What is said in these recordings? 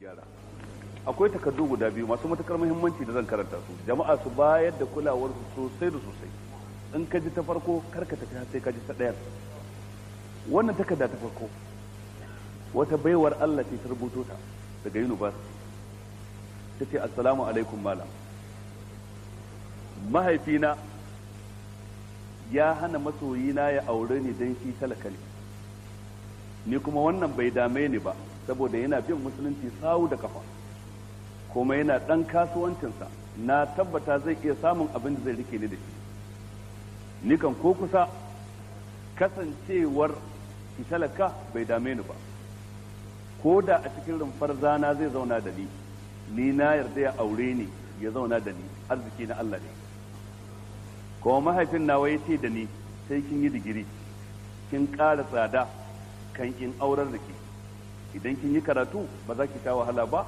gyara akwai takardu guda biyu masu matukar muhimmanci da zan karanta su jama'a su bayar da kulawar su sosai da sosai in ka ji ta farko kar ka tafi sai ka ji ta ɗayan wannan takarda ta farko wata baiwar Allah ce ta rubuto ta daga university ta ce assalamu alaikum malam mahaifina ya hana masoyina ya aure ni don shi talaka ne ni kuma wannan bai dame ni ba saboda yana bin musulunci sawu da kafa kuma yana ɗan kasuwancinsa na tabbata zai iya samun abin da zai rike ni da shi ni kan ko kusa kasancewar shi talaka bai dame ni ba ko da a cikin rumfar zana zai zauna da ni ni na yarda ya aure ni ya zauna da ni arziki na Allah ne kuma mahaifin nawa ya ce da ni sai kin yi digiri kin ƙara tsada kan in aurar da ke idan kin yi karatu ba za ki sha wahala ba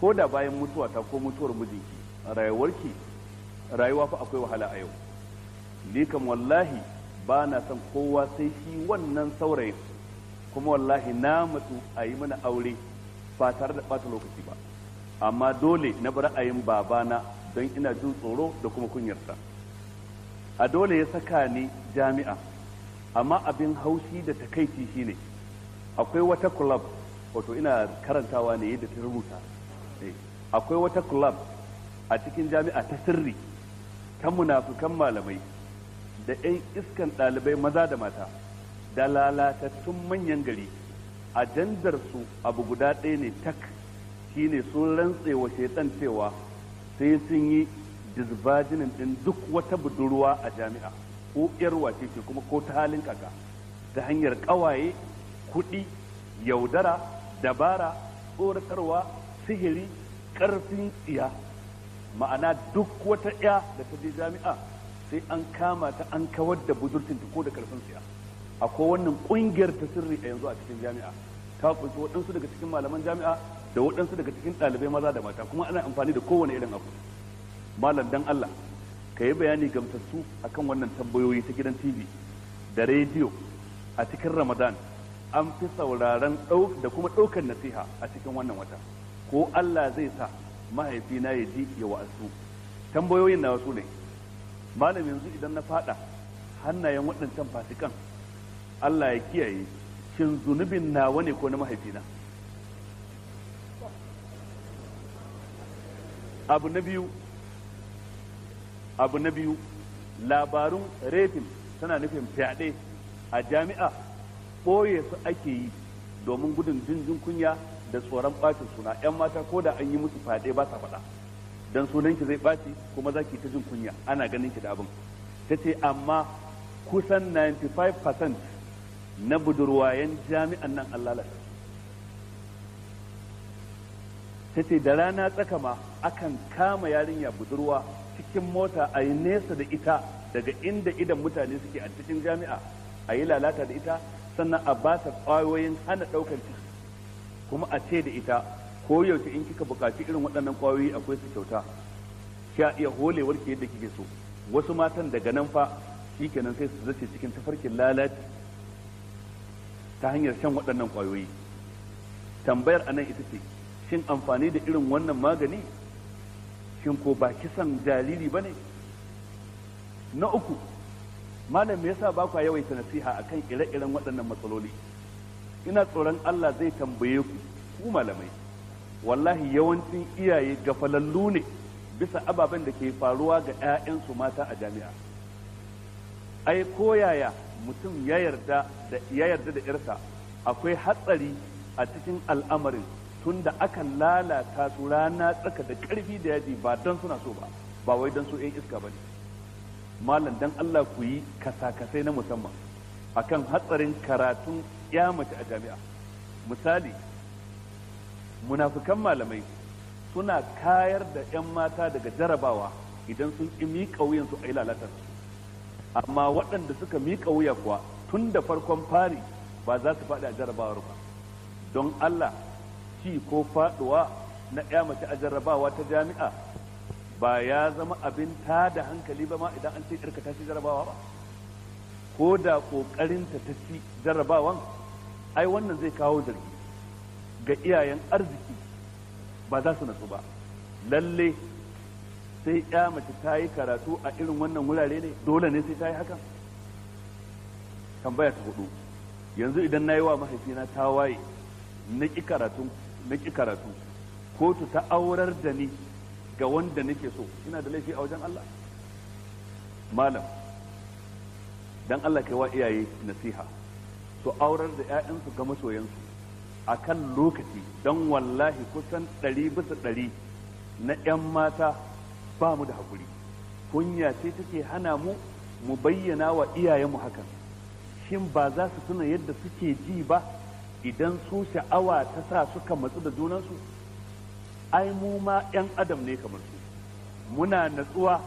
ko da bayan mutuwa ta ko mutuwar mijinki rayuwarki rayuwa fa akwai wahala a yau likan wallahi ba na son kowa sai shi wannan saurayin kuma wallahi na mutu a yi mana aure ba tare da ɓata lokaci ba amma dole na bar ra'ayin babana don ina jin tsoro da kuma kunyarsa a dole ya saka ni jami'a amma abin haushi da takaici shine akwai wata club wato ina karantawa ne yadda ta rubuta eh, akwai wata club a cikin jami'a ta sirri ta munafukan malamai da 'yan iskan ɗalibai maza da mata da lalatattun manyan gari ajandar su abu guda ɗaya ne tak shine sun rantsewa shaitan cewa sai sun yi disbajinin ɗin duk wata budurwa a jami'a ko yar wace ce kuma ko ta halin kaka ta hanyar ƙawaye kuɗi yaudara dabara tsoratarwa sihiri ƙarfin tsiya ma'ana duk wata ya da ta je jami'a sai an kama ta an kawar da ta ko da ƙarfin tsiya akwai wannan ƙungiyar ta sirri a yanzu a cikin jami'a ta kunshi waɗansu daga cikin malaman jami'a da waɗansu daga cikin ɗalibai maza da mata kuma ana amfani da kowane irin abu malam dan Allah ka yi bayani gamsassu kan wannan tambayoyi ta gidan tv da rediyo a cikin ramadan an fi sauraron da kuma ɗaukar nasiha a cikin wannan wata ko allah zai sa mahaifina ya ji ya wa'azu tambayoyin na wasu ne malam yanzu idan na fada hannayen waɗancan fasikan allah ya kiyaye shin zunubin nawa ne ko na mahaifina abu na biyu abu na biyu labarun retin tana nufin fyaɗe a jami'a ɓoye su ake yi domin gudun jinjin kunya da tsoron ɓacin suna 'yan mata ko da an yi musu fyaɗe ba sa faɗa dan sunanki zai ɓaci kuma za ki ta jin kunya ana ganin ki da abin ta ce amma kusan 95% na budurwayen jami'an nan an lalata ta ce da rana tsaka ma akan kama yarinya budurwa cikin mota a yi nesa da ita daga inda idan mutane suke a cikin jami'a a yi lalata da ita sannan a ba ta kwayoyin hana ɗaukar ciki kuma a ce da ita ko yaushe in kika buƙaci irin waɗannan kwayoyi akwai su kyauta kya iya holewar ki yadda kike so wasu matan daga nan fa shi kenan sai su zace cikin tafarkin lalaci ta hanyar shan waɗannan kwayoyi tambayar anan ita ce shin amfani da irin wannan magani shin ko ba kisan jariri ba ne na uku malam me yasa ba kwa yawaita nasiha akan ire-iren waɗannan matsaloli ina tsoron Allah zai tambaye ku ku malamai wallahi yawancin iyaye gafalallu ne bisa ababen da ke faruwa ga 'ya'yansu mata a jami'a ai koyaya mutum ya yarda da ya yarda da 'yarsa akwai hatsari a cikin al'amarin Tun da aka lalata su rana tsaka da ƙarfi da yaji ba don suna so ba ba wai don su yan iska ba ne malam dan Allah ku yi kasakasai na musamman akan hatsarin karatun ya mace a jami'a misali munafukan malamai suna kayar da 'yan mata daga jarabawa idan sun ƙi miƙa wuyansu a yi lalatar amma waɗanda suka miƙa wuya kuwa tun da farkon fari ba za su faɗi a jarabawar ba don Allah ci ko faduwa na ya mace a jarrabawa ta jami'a ba ya zama abin ta da hankali ba ma idan an ce irka ta ci jarrabawa ba ko da kokarin ta ci jarrabawan ai wannan zai kawo zargi ga iyayen arziki ba za su nasu ba lalle sai ya mace ta yi karatu a irin wannan wurare ne dole ne sai ta yi hakan tambaya ta hudu yanzu idan na yi wa mahaifina waye na ƙi karatun na ki karatu kotu ta aurar da ni ga wanda nake so ina da laifi a wajen Allah malam dan Allah kai wa iyaye nasiha su aurar da 'ya'yansu ga masoyansu a kan lokaci don wallahi kusan ɗari bisa ɗari na 'yan mata ba mu da haƙuri kunya ce take hana mu mu bayyana wa iyayenmu hakan shin ba za su tuna yadda suke ji ba idan su sha'awa ta sa suka matsu da junansu ai mu ma 'yan adam ne kamar su muna natsuwa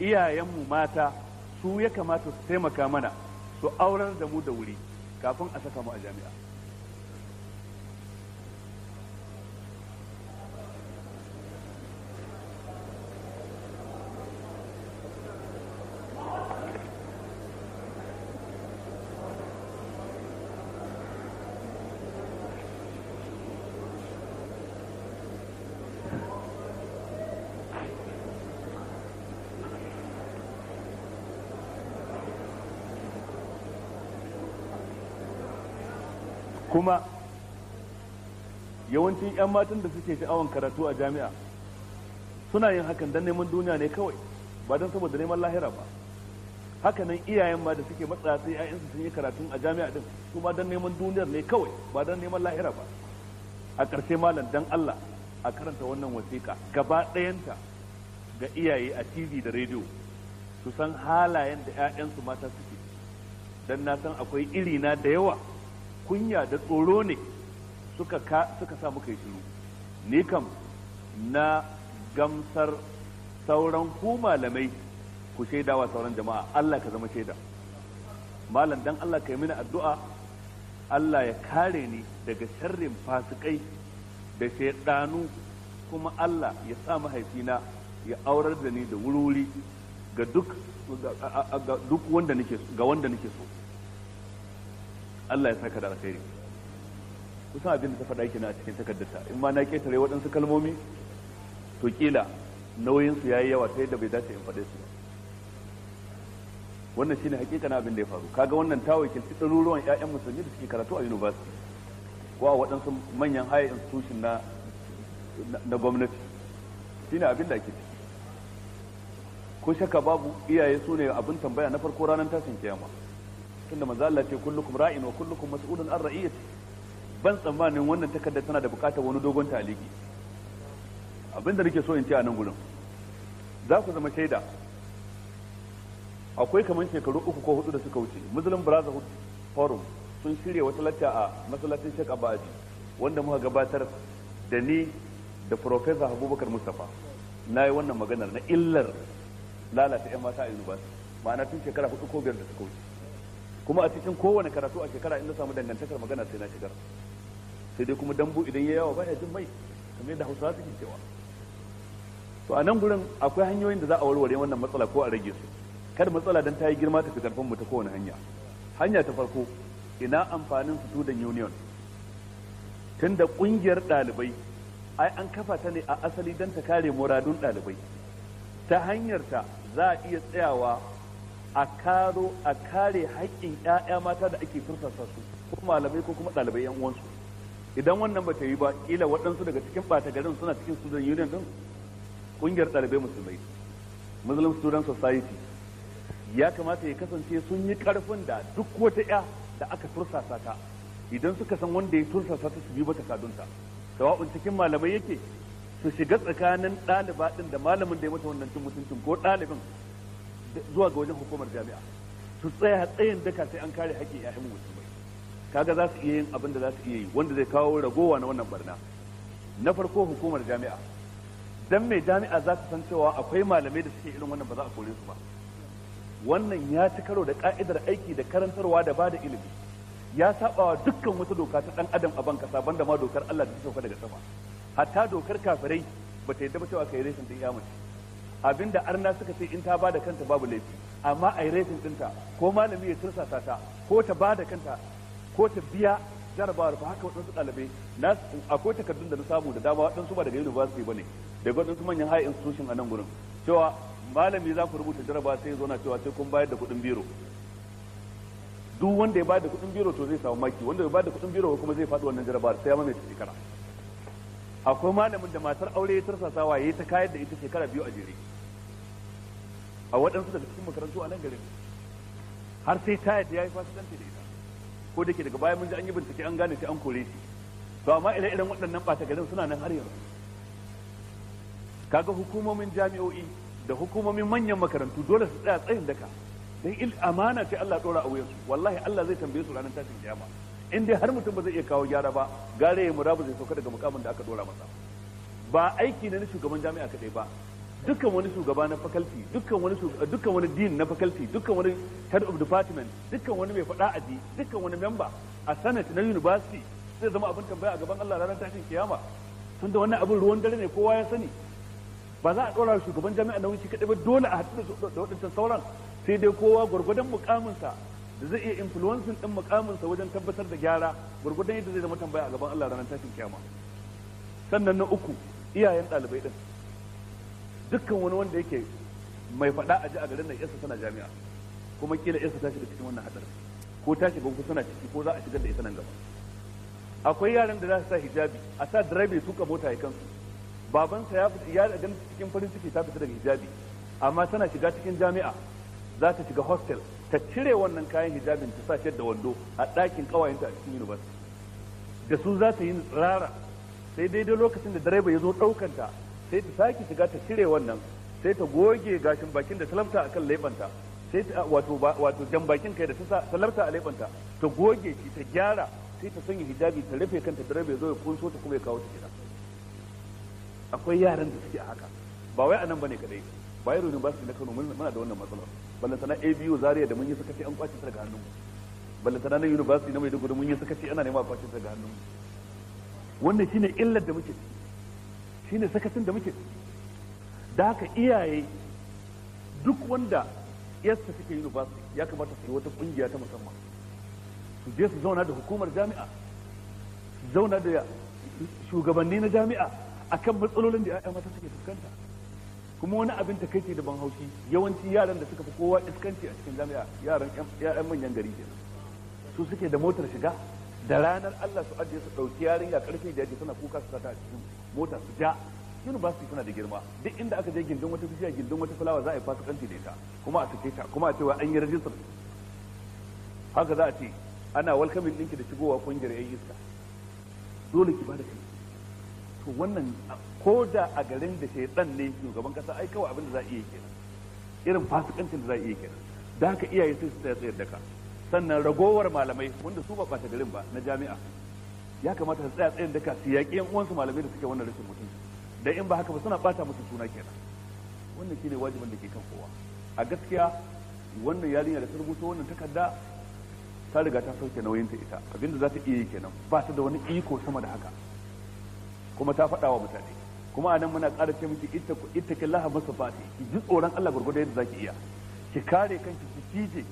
iyayenmu mata su ya kamata su taimaka mana su aurar da mu da wuri kafin a saka mu a jami'a kuma yawancin 'yan matan da suke sha'awan karatu a jami'a suna yin hakan don neman duniya ne kawai ba don saboda neman lahira ba hakanan iyayen ma da suke matsa sai 'ya'yansu sun yi karatu a jami'a din su ma don neman duniyar ne kawai ba don neman lahira ba a ƙarshe malam don Allah a karanta wannan wasiƙa gaba ɗayanta ga iyaye a TV da rediyo su san halayen da 'ya'yansu mata suke don na san akwai irina da yawa kunya da tsoro ne suka sa muka yi shiru ni kam na gamsar sauran ku malamai ku shaidawa sauran jama'a Allah ka zama shaida malam dan Allah ka yi mini addu'a Allah ya kare ni daga sharrin fasikai da shaidanu kuma Allah ya sa mahaifina ya aurar da ni da wuri ga duk wanda nake so Allah ya saka da alkhairi kusan abin da ta faɗa kina a cikin takardarta in ma na ketare waɗansu kalmomi to kila nauyin su yayi yawa ta yadda bai dace in faɗe su wannan shine hakika na abin da ya faru kaga wannan ta wakilci ɗaruruwan ƴaƴan musulmi da suke karatu a university ko a waɗansu manyan higher institution na na gwamnati shine abin da ake ciki ko shakka babu iyaye sune ne abin tambaya na farko ranar tashin kiyama tunda manzo Allah ce kullukum ra'in wa kullukum mas'ulun an ra'iyati ban tsammanin wannan takarda tana da bukatar wani dogon taliki abinda nake so in ce a nan gurin za ku zama shaida akwai kamar shekaru uku ko hudu da suka wuce muslim brotherhood forum sun shirya wata lacca a masallacin shek abaji wanda muka gabatar da ni da professor abubakar mustapha na yi wannan maganar na illar lalata 'yan mata a university ma'ana tun shekara hudu ko biyar da suka wuce kuma a cikin kowane karatu a shekara in na samu dangantakar magana sai na shigar sai dai kuma dambu idan ya yawa baya jin mai kamar yadda hausawa suke cewa to a nan gurin akwai hanyoyin da za a warware wannan matsala ko a rage su kada matsala dan ta yi girma ta fi karfin mu ta kowane hanya hanya ta farko ina amfanin student union tunda kungiyar ɗalibai ai an kafa ta ne a asali don ta kare muradun ɗalibai ta hanyar ta za a iya tsayawa a karo a kare haƙƙin ƴaƴa mata da ake tursasa su ko malamai ko kuma ɗalibai yan uwansu idan wannan ba ta yi ba kila waɗansu daga cikin ɓata garin suna cikin student union din ƙungiyar ɗalibai musulmai muslim student society ya kamata ya kasance sun yi ƙarfin da duk wata ƴa da aka tursasa ta idan suka san wanda ya tursasa ta su bi mata kadunta sawa'un cikin malamai yake su shiga tsakanin ɗaliba ɗin da malamin da ya mata wannan cin mutuncin ko ɗalibin zuwa ga wajen hukumar jami'a su tsaya tsayin daka sai an kare haƙƙin ƴaƴan musulmai kaga za su iya yin abin da za su iya yi wanda zai kawo ragowa na wannan barna na farko hukumar jami'a dan mai jami'a za su san cewa akwai malamai da suke irin wannan ba za a kore su ba wannan ya ci karo da ka'idar aiki da karantarwa da bada ilimi ya saba wa dukkan wata doka ta dan adam a banka kasa banda ma dokar Allah da ta sauka daga sama hatta dokar kafirai ba ta yadda ba cewa kai rashin din ya mace abinda arna suka ce in ta ba da kanta babu laifi amma a yi rafin dinta ko malami ya tursasa ta ko ta ba da kanta ko ta biya jarabawar ba haka waɗansu ɗalibai na akwai takardun da na samu da dama waɗansu ba daga university ba ne daga waɗansu manyan high institution a nan gurin cewa malami za ku rubuta jaraba sai ya zo na cewa sai kun bayar da kuɗin biro duk wanda ya bayar da kuɗin biro to zai samu maki wanda ya bayar da kuɗin biro kuma zai faɗi wannan jarabawar sai ya mamaye shekara akwai malamin da matar aure ya tursasawa yayi ta kayar da ita shekara biyu a jere a waɗansu daga cikin makarantu a nan garin har sai ta yadda yayi fasikanci da ita ko da ke daga baya mun ji an yi bincike an gane sai an kore shi to amma ire-iren waɗannan ɓata garin suna nan har yanzu kaga hukumomin jami'o'i da hukumomin manyan makarantu dole su tsaya tsayin daka dan amana ce Allah ɗora a wuyansu wallahi Allah zai tambaye su ranar tashin kiyama in dai har mutum ba zai iya kawo gyara ba gare ya murabu zai sauka daga mukamin da aka dora masa ba aiki ne na shugaban jami'a kadai ba dukkan wani shugaba na faculty dukkan wani dukkan wani dean na faculty dukkan wani head of department dukkan wani mai fada aji dukkan wani member a senate na university zai zama abin tambaya a gaban Allah ranar tashin kiyama tunda wannan abin ruwan dare ne kowa ya sani ba za a dora shugaban jami'a na wuce kadai ba dole a haɗu da waɗancan sauran sai dai kowa gwargwadon mukaminsa da zai iya influencing din makaminsa wajen tabbatar da gyara gurgurdan yadda zai zama tambaya a gaban Allah ranar tashin kiyama sannan na uku iyayen ɗalibai din dukkan wani wanda yake mai faɗa a ji a garin nan yasa tana jami'a kuma kila yasa tashi da cikin wannan hadarin ko tashi shiga ko tana ciki ko za a shigar da ita nan gaba akwai yaran da za su sa hijabi a sa direba tuka mota ya kansu babansa ya fita ya cikin farin ciki ta fita daga hijabi amma tana shiga cikin jami'a za ta shiga hostel ta cire wannan kayan hijabin ta sashe da wando a ɗakin ƙawayenta a cikin university da su za ta yi tsirara sai daidai lokacin da direba ya zo ɗaukanta sai ta sake shiga ta cire wannan sai ta goge gashin bakin da talamta akan laifanta sai ta wato jan bakin kai da ta talamta a laifanta ta goge shi ta gyara sai ta sanya hijabi ta rufe kanta direba ya zo ya kunso ta kuma ya kawo ta gida akwai yaran da suke haka ba wai anan bane kadai ba irin ba su na Kano muna da wannan matsalar ballantana abu zaria da mun yi sakaci an kwace daga hannun mu ballantana na university na maiduguri mun yi sakaci ana nema a ta daga hannun wannan shine illar da muke shine sakacin da muke da haka iyaye duk wanda yasta suke university ya kamata su yi wata kungiya ta musamman su je su zauna da hukumar jami'a su zauna da shugabanni na jami'a akan matsalolin da 'ya'ya mata suke fuskanta kuma wani abin ta kai da ban haushi yawanci yaran da suka fi kowa iskanci a cikin jami'a yaran yaran manyan gari ke su suke da motar shiga da ranar Allah su ajiye su dauki yarinya karfe da yake suna kuka su sata a cikin mota su ja su suna da girma duk inda aka je gindin wata bishiya gindin wata fulawa za a yi fasikanci da ita kuma a take ta kuma a cewa an yi rajistar haka za a ce ana welcoming ɗinki da shigowa kungiyar yan iska dole ki bada kai to wannan ko da a garin da shaidan ne shugaban kasa ai kawai abin da za a iya kenan irin fasikancin da za a iya kenan da haka iyaye sai su tsaya da ka sannan ragowar malamai wanda su ba ta garin ba na jami'a ya kamata su tsaya tsayin daka su yaƙi yan uwansu malamai da suke wannan rashin mutunci da in ba haka ba suna bata musu suna kenan wannan shine wajibin da ke kan kowa a gaskiya wannan yarinya da ta rubuta wannan takarda ta riga ta sauke nauyinta ita abinda za ta iya yi kenan ba ta da wani iko sama da haka kuma ta faɗa wa mutane kuma anan muna ƙara ce miki ita ku ita ki laha masa fati ki ji tsoron Allah gurgurda yadda zaki iya ki kare kanki ki cije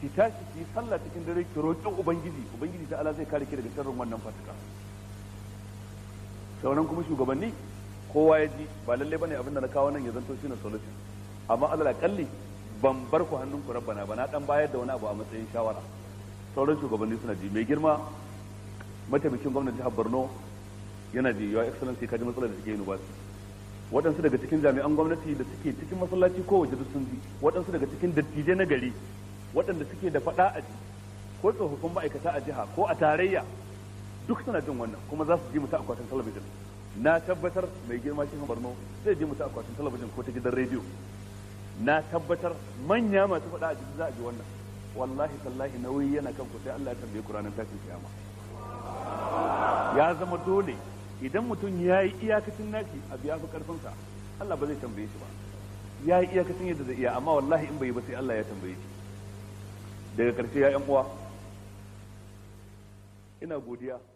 ki tashi ki sallah cikin dare ki roƙi ubangiji ubangiji ta Allah zai kare ki daga sharrin wannan fatuka sauran kuma shugabanni kowa ya ji ba lalle bane abin da na kawo nan ya zanto shine solution amma Allah kalli ban bar ku hannun ku rabbana ba na dan bayar da wani abu a matsayin shawara sauran shugabanni suna ji mai girma mataimakin gwamnati jihar Borno yana ji yawa excellency kaji matsalar da take university waɗansu daga cikin jami'an gwamnati da suke cikin masallaci ko waje sun bi waɗansu daga cikin dattijai na gari waɗanda suke da faɗa a ji ko tsofaffin ma'aikata a jiha ko a tarayya duk suna jin wannan kuma za su ji mutu akwatin talabijin na tabbatar mai girma shi barno zai ji mutu akwatin talabijin ko ta gidan rediyo na tabbatar manya masu faɗa a ji za a ji wannan wallahi tallahi nauyi yana kan ku sai Allah ya tambaye ku ranar tashin kiyama ya zama dole idan mutum ya yi iyakacin naki abu ya fi karfinsa Allah ba zai tambaye shi ba ya yi iyakacin yadda zai iya amma wallahi in bai ba sai Allah ya tambaye shi daga karshe ya yan uwa ina godiya